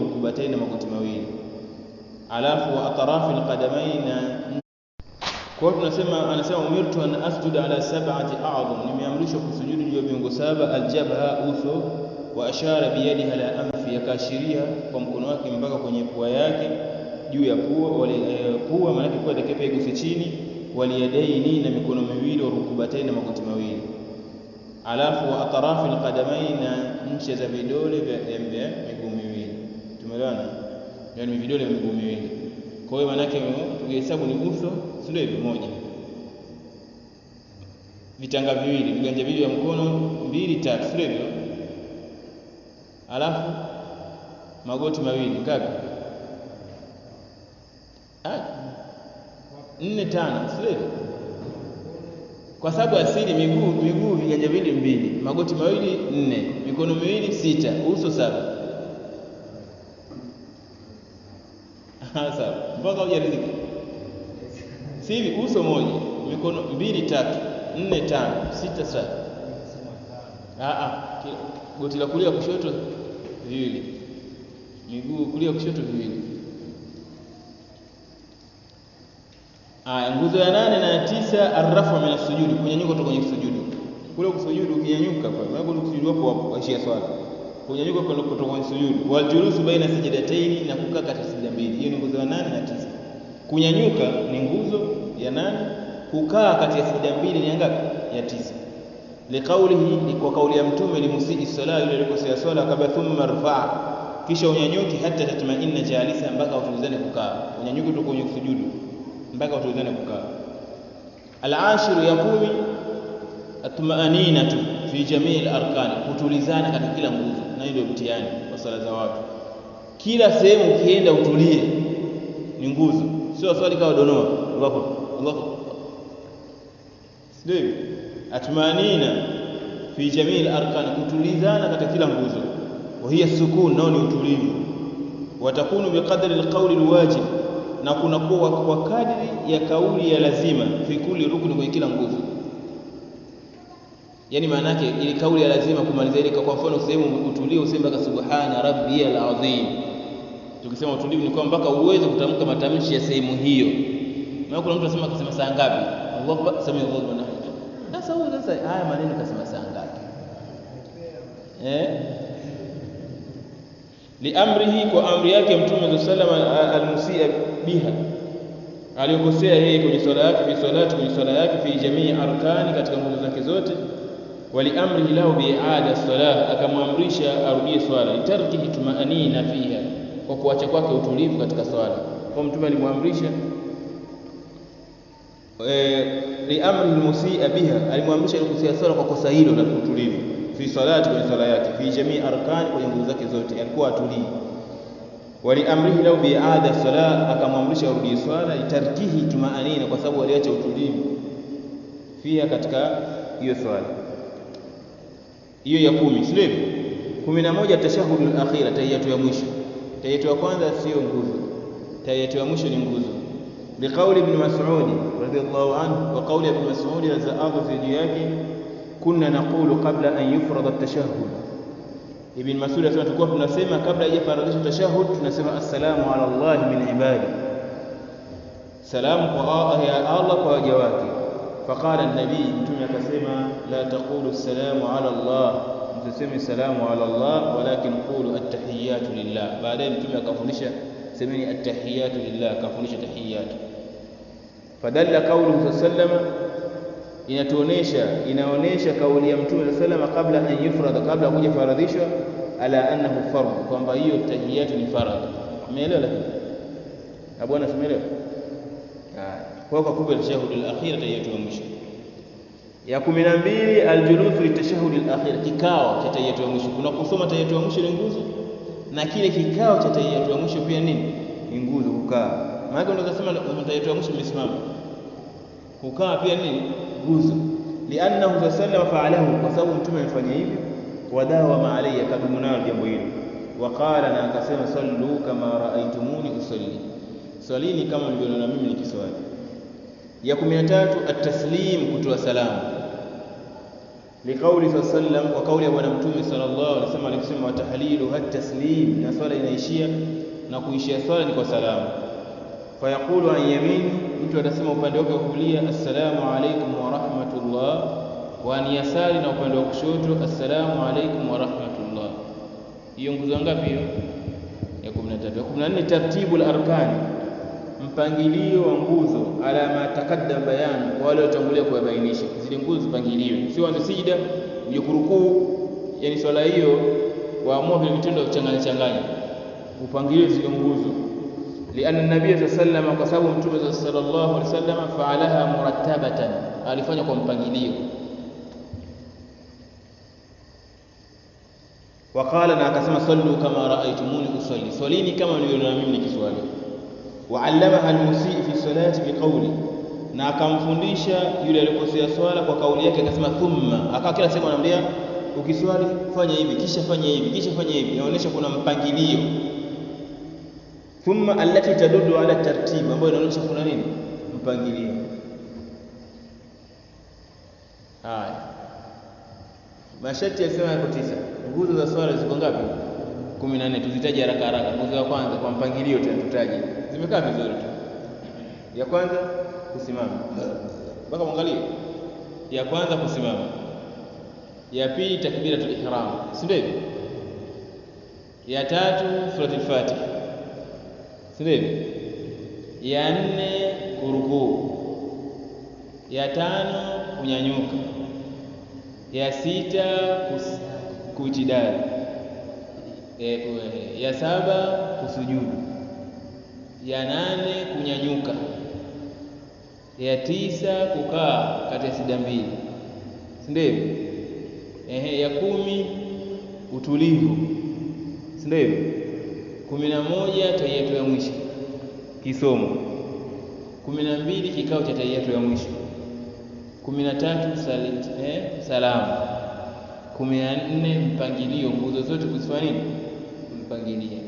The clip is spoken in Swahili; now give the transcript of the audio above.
rukubatayni, magoti mawili, alafu wa atrafi alqadamain, kwa tunasema, anasema umirtu an asjuda ala sab'ati a'dham, nimeamrishwa kusujudu juu ya viungo saba, aljabha, uso, wa ashara biyadihi ala anfi, yakashiria kwa mkono wake mpaka kwenye pua yake, juu ya pua wale eh, pua, maana pua itakapo igusi chini, waliyadaini, na mikono miwili, wa rukubatayni, na magoti mawili, alafu wa atrafi alqadamain, na ncha za vidole vya miguu umeelewana yaani vidole vya miguu miwili kwa hiyo maana yake tukihesabu ni uso, si ndio moja vitanga viwili viganja viwili vya mkono mbili tatu si ndio alafu magoti mawili ngapi ah, nne tano si kwa sababu asili miguu miguu viganja viwili mbili magoti mawili nne mikono miwili sita uso saba sasa Mpaka hujaridhika. Si uso moja, mikono mbili, tatu, nne, tano, sita, saba. Ah ah. Goti la kulia kushoto viwili. Miguu kulia kushoto viwili. Aya, nguzo ya nane na ya tisa arafu min asujudi, kunyanyuka kutoka kwenye sujudi. Kule kusujudu ukinyanyuka kwa sababu kule kusujudu hapo waishia swala kunyanyuka kutoka kwenye sujudu, wal julusu baina sajdataini, na kukaa kati ya sijida mbili. Hiyo ni nguzo ya nane na tisa. Kunyanyuka ni nguzo ya nane, kukaa kati ya sajda mbili ni ngapi? Ya tisa. Liqaulihi, ni kwa kauli ya Mtume, limusii sala, yule alikosea sala, kabla thumma rfaa, kisha unyanyuki, hata tatmaina jalisa, mpaka utulizane kukaa. Unyanyuki tu kwenye sujudu mpaka utulizane kukaa. Al ashiru ya kumi, atmaanina tu fi jamii larkani kutulizana katika kila nguzo. Na hiyo ndio mtihani wa sala za watu. Kila sehemu ukienda utulie, ni nguzo, sio swali kawa donoa sio hivyo. Atmanina fi jamii larkani kutulizana katika kila nguzo. Wahiya sukun, nao ni utulivu. Watakunu biqadri alqawli alwajib, na kunakuwa kwa kadri ya kauli ya lazima, fi kulli rukni, kwenye kila nguzo yani maana yake ili kauli ya lazima kumaliza ile. Kwa mfano sehemu utulie, useme mpaka subhana rabbiyal azim. Tukisema utulivu ni kwa mpaka uweze kutamka matamshi ya sehemu hiyo. Na kuna mtu anasema akasema saa ngapi? Allahu akbar, sami Allahu liman Sasa huyo sasa haya maneno kasema saa ngapi? Eh? li amrihi kwa amri yake Mtume sallallahu alayhi wasallam almusia biha aliyokosea yeye kwenye swala yake, fi salati, kwenye swala yake, fi jamii arkani, katika nguzo zake zote waliamrihi lahu biada salah, akamwamrisha arudie swala, litarkihi tumaanina fiha, kwa kuacha kwake utulivu katika swala. Kwa mtume alimwamrisha e, liamrihi lmusia biha, alimwamrisha kusia swala kwa kosa hilo la kutulivu fi salati, kwenye swala yake, fi jamii arkani, kwenye nguzo zake zote, alikuwa atulii waliamrihi lahu biada sala, akamwamrisha arudie swala litarkihi tumaanina, kwa sababu aliacha utulivu fiha, katika hiyo swala hiyo ya kumi, sio hivyo kumi na moja tashahudu al-akhira, tahiyatu ya mwisho. Tahiyatu ya kwanza sio nguzo, tahiyatu ya mwisho ni nguzo. Liqauli Ibn Mas'ud radhiyallahu anhu, wa qauli Ibn Mas'ud radhiyallahu juu yake, kunna naqulu qabla an yufrada at-tashahhud. Ibn Mas'ud asema tulikuwa tunasema kabla haijafaradhisha tashahud tunasema assalamu ala Allah min ibadi, salamu kwa Allah Allah kwa waja wake فقال النبي تمك سيما لا تقول السلام على الله تسمي السلام على الله ولكن قول التحيات لله بعدين تمك فنشا سمي التحيات لله كفنشا تحيات فدل قوله صلى الله عليه وسلم إنتونيشا قول يمتون السلام قبل أن يفرد قبل أن يفرضيشا على أنه فرد فأنبا إيو التحيات لفرض ميلا لك أبونا سميلا آه. Kwa hiyo kwa kubwa tashahudi al-akhir tahiyatu mwisho. Ya 12 na mbili aljulusu litashahudi al-akhir, kikao cha tayyatu mwisho. Kuna kusoma tayyatu mwisho ni nguzo na kile kikao cha tayyatu mwisho pia nini ni nguzo, kukaa. Maana kwa unaweza sema tayyatu mwisho imesimama, kukaa pia nini nguzo, liannahu sallama fa'alahu, kwa sababu mtume amefanya hivi wa Wadawama alayhi, kadumu nayo jambo hilo. Waqala, na akasema sallu kama raaitumuni usalli, swalini kama mlivyoniona mimi nikiswali ya kumi na tatu ataslim, kutoa salamu. za sallam, kwa kauli ya Bwana Mtume sallallahu alaihi wasallam alisema watahlilu taslim na swala inaishia na kuishia swala ni kwa salamu. Fayaqulu an yamini, mtu atasema upande wake wa kulia assalamu alaikum wa rahmatullah, wa an yasari, na upande wa kushoto assalamu alaikum wa rahmatullah. Hiyo nguzo ngapi? Hiyo ya 13. Ya 14 tartibu al-arkani mpangilio wa nguzo, ala ma bayan, wale waliotangulia kuyabainisha, zile nguzo zipangiliwe, sio anze sijida uje kurukuu. Yani swala hiyo waamua vile vitendo kuchanganya changanya, upangilio zile nguzo, lianna nabii sallallahu alayhi wasallam, kwa sababu mtume sallallahu alaihi wasallam faalaha murattabatan, alifanya kwa mpangilio Waqala, na akasema sallu kama raaitumuni usalli, swalini kama nilivyoona mimi nikiswali wa allamaha fi salati biqauli, na akamfundisha yule aliyokosea swala kwa kauli yake, akasema thumma, akawa kila sehemu anamwambia ukiswali fanya hivi, kisha fanya hivi, kisha fanya hivi. Inaonyesha kuna mpangilio. Thumma allati tadudu ala tartib, ambayo inaonyesha kuna nini? Mpangilio. Haya, masharti yasema yako tisa. Nguzo za swala ziko ngapi? kumi na nne. Tuzitaje haraka haraka. Nguzo ya kwanza kwa mpangilio tutataje Tumekaa vizuri tu. Ya kwanza kusimama, mpaka mwangalie. Ya kwanza kusimama, ya pili takbiratul ihram, si ndio Ya tatu suratul Fatiha, si ndio Ya nne kurukuu, ya tano kunyanyuka, ya sita kujidali, eh, ya saba kusujudu ya nane kunyanyuka, ya tisa kukaa kati ya sida mbili, si ndio? Ehe, ya kumi utulivu, si ndio? kumi na moja tahiyatu ya mwisho kisomo, kumi na mbili kikao cha tahiyatu ya mwisho, kumi na tatu eh, salamu, kumi na nne mpangilio, nguzo zote kuzifanini mpangilia